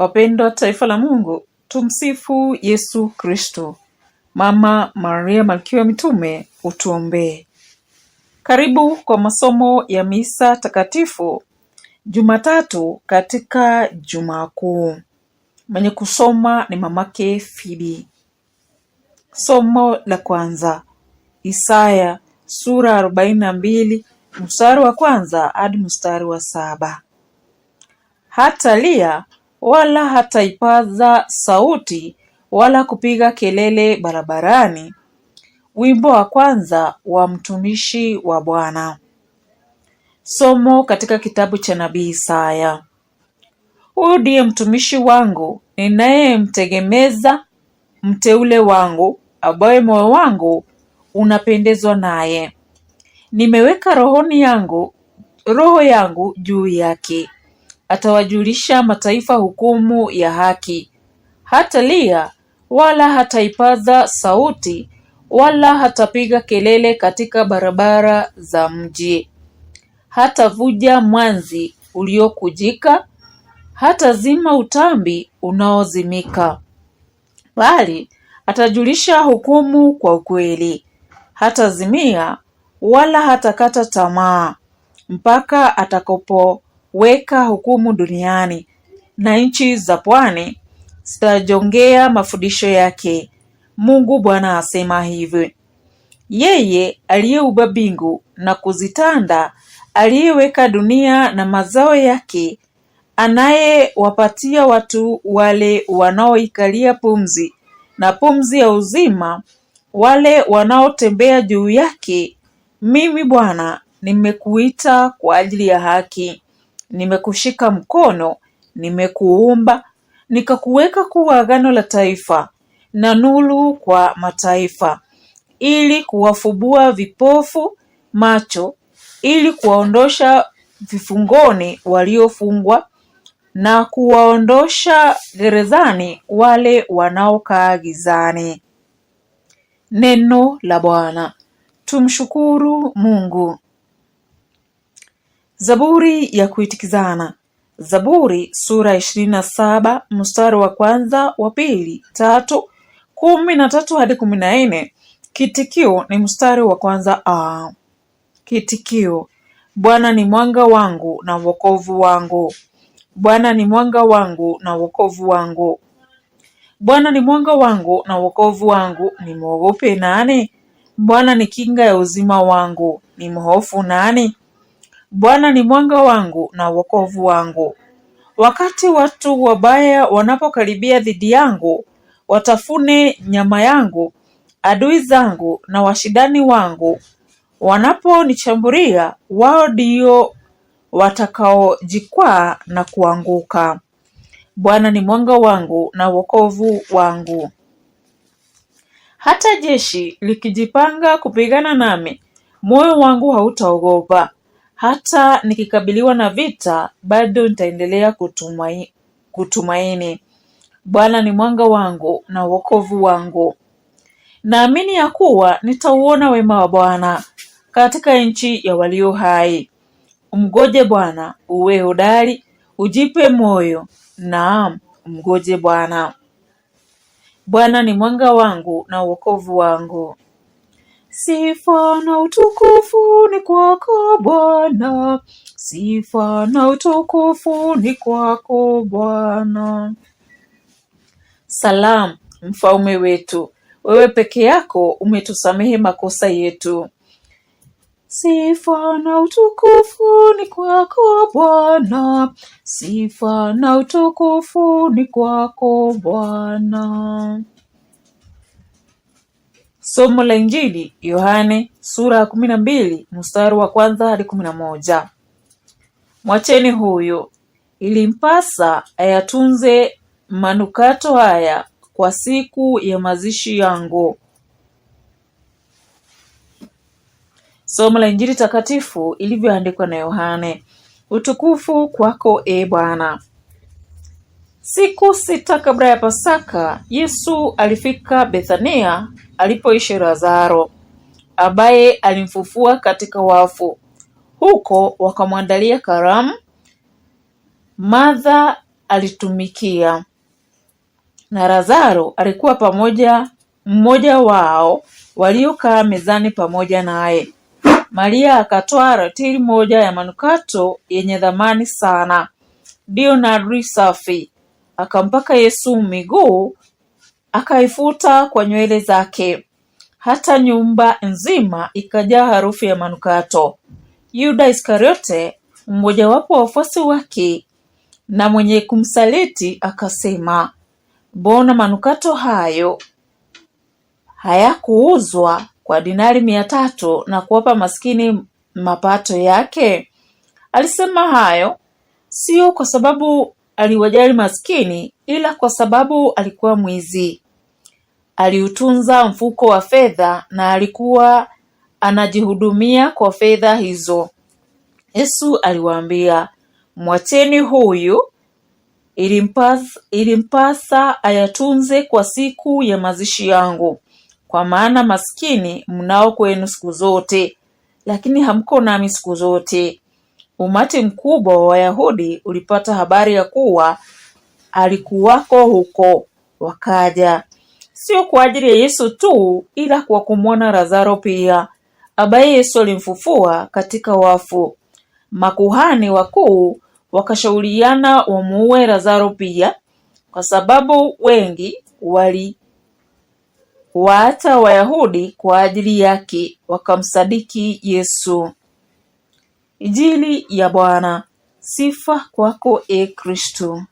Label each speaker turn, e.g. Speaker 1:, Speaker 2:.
Speaker 1: Wapendwa taifa la Mungu, tumsifu Yesu Kristo. Mama Maria malkia wa mitume, utuombee. Karibu kwa masomo ya misa takatifu Jumatatu katika juma Kuu. Mwenye kusoma ni mamake Fibi. Somo la kwanza, Isaya sura arobaini na mbili mstari wa kwanza hadi mstari wa saba. Hata lia wala hataipaza sauti wala kupiga kelele barabarani. Wimbo wa kwanza wa mtumishi wa Bwana. Somo katika kitabu cha nabii Isaya. Huyu ndiye mtumishi wangu ninayemtegemeza, mteule wangu ambaye moyo wangu unapendezwa naye, nimeweka rohoni yangu roho yangu juu yake atawajulisha mataifa hukumu ya haki. Hatalia wala hataipaza sauti wala hatapiga kelele katika barabara za mji. Hatavuja mwanzi uliokujika, hatazima utambi unaozimika, bali atajulisha hukumu kwa ukweli. Hatazimia wala hatakata tamaa mpaka atakapo weka hukumu duniani, na nchi za pwani zitajongea mafundisho yake. Mungu Bwana asema hivyo yeye aliyeuba bingu na kuzitanda, aliyeweka dunia na mazao yake, anayewapatia watu wale wanaoikalia pumzi na pumzi ya uzima, wale wanaotembea juu yake. Mimi Bwana nimekuita kwa ajili ya haki, nimekushika mkono, nimekuumba, nikakuweka kuwa agano la taifa na nuru kwa mataifa, ili kuwafubua vipofu macho, ili kuwaondosha vifungoni waliofungwa, na kuwaondosha gerezani wale wanaokaa gizani. Neno la Bwana. Tumshukuru Mungu. Zaburi ya kuitikizana Zaburi sura ishirini na saba mstari wa kwanza wa pili tatu kumi na tatu hadi kumi na nne Kitikio ni mstari wa kwanza a. Kitikio: Bwana ni mwanga wangu na wokovu wangu. Bwana ni mwanga wangu na wokovu wangu. Bwana ni mwanga wangu na wokovu wangu, nimwogope nani? Bwana ni kinga ya uzima wangu, nimhofu nani? Bwana ni mwanga wangu na wokovu wangu. Wakati watu wabaya wanapokaribia dhidi yangu, watafune nyama yangu, adui zangu na washindani wangu wanaponichambulia, wao ndio watakaojikwaa na kuanguka. Bwana ni mwanga wangu na wokovu wangu. Hata jeshi likijipanga kupigana nami, moyo wangu hautaogopa. Hata nikikabiliwa na vita, bado nitaendelea kutumaini, kutumaini. Bwana ni mwanga wangu na wokovu wangu, naamini ya kuwa nitauona wema wa Bwana katika nchi ya walio hai. Mgoje Bwana, uwe hodari, ujipe moyo, naam, mgoje Bwana. Bwana ni mwanga wangu na wokovu wangu. Sifa na utukufu ni kwako Bwana, sifa na utukufu ni kwako Bwana.
Speaker 2: salam mfalme wetu, wewe peke yako umetusamehe makosa yetu.
Speaker 1: Sifa na utukufu ni kwako Bwana, sifa na utukufu ni kwako Bwana.
Speaker 3: Somo la Injili Yohane sura ya kumi na mbili mstari wa kwanza hadi kumi na moja. Mwacheni huyo, ilimpasa ayatunze manukato haya kwa siku ya mazishi yangu. Somo la Injili takatifu ilivyoandikwa na Yohane. Utukufu kwako, e Bwana. Siku sita kabla ya Pasaka, Yesu alifika Bethania alipoishi Lazaro ambaye alimfufua katika wafu. Huko wakamwandalia karamu. Martha alitumikia na Lazaro alikuwa pamoja mmoja wao waliokaa mezani pamoja naye. Maria akatoa ratili moja ya manukato yenye thamani sana, dio nardi safi akampaka Yesu miguu, akaifuta kwa nywele zake, hata nyumba nzima ikajaa harufu ya manukato. Yuda Iskariote, mmojawapo wa wafuasi wake na mwenye kumsaliti, akasema, mbona manukato hayo hayakuuzwa kwa dinari mia tatu na kuwapa maskini mapato yake? Alisema hayo sio kwa sababu aliwajali maskini, ila kwa sababu alikuwa mwizi. Aliutunza mfuko wa fedha na alikuwa anajihudumia kwa fedha hizo. Yesu aliwaambia, mwacheni huyu, ilimpasa, ilimpasa ayatunze kwa siku ya mazishi yangu, kwa maana maskini mnao kwenu siku zote, lakini hamko nami siku zote. Umati mkubwa wa Wayahudi ulipata habari ya kuwa alikuwako huko, wakaja sio kwa ajili ya Yesu tu, ila kwa kumwona Lazaro pia, ambaye Yesu alimfufua katika wafu. Makuhani wakuu wakashauriana wamuue Lazaro pia, kwa sababu wengi wali Wayahudi kwa ajili yake, wakamsadiki Yesu. Injili ya Bwana. Sifa kwako, e Kristo.